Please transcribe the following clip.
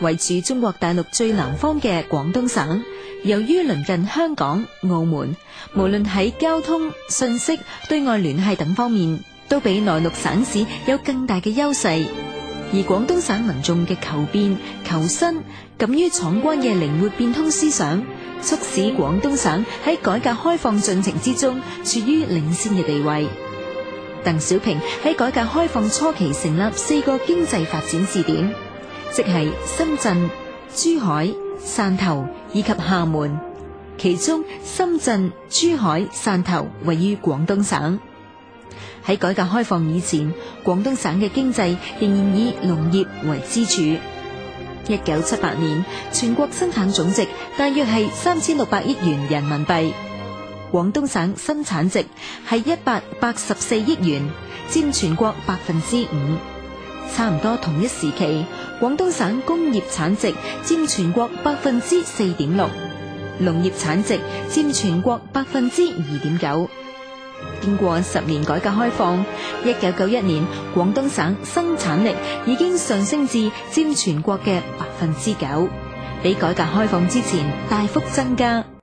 位處中國大陸最南方嘅廣東省，由於鄰近香港、澳門，無論喺交通、信息、對外聯繫等方面，都比內陸省市有更大嘅優勢。而廣東省民眾嘅求變、求新、敢於闖關嘅靈活變通思想，促使廣東省喺改革開放進程之中處於領先嘅地位。鄧小平喺改革開放初期成立四個經濟發展試點。即係深圳、珠海、汕頭以及廈門，其中深圳、珠海、汕頭位於廣東省。喺改革開放以前，廣東省嘅經濟仍然以農業為支柱。一九七八年，全國生產總值大約係三千六百億元人民幣，廣東省生產值係一百八十四億元，占全國百分之五，差唔多同一時期。廣東省工業產值佔全國百分之四點六，農業產值佔全國百分之二點九。經過十年改革開放，一九九一年廣東省生產力已經上升至佔全國嘅百分之九，比改革開放之前大幅增加。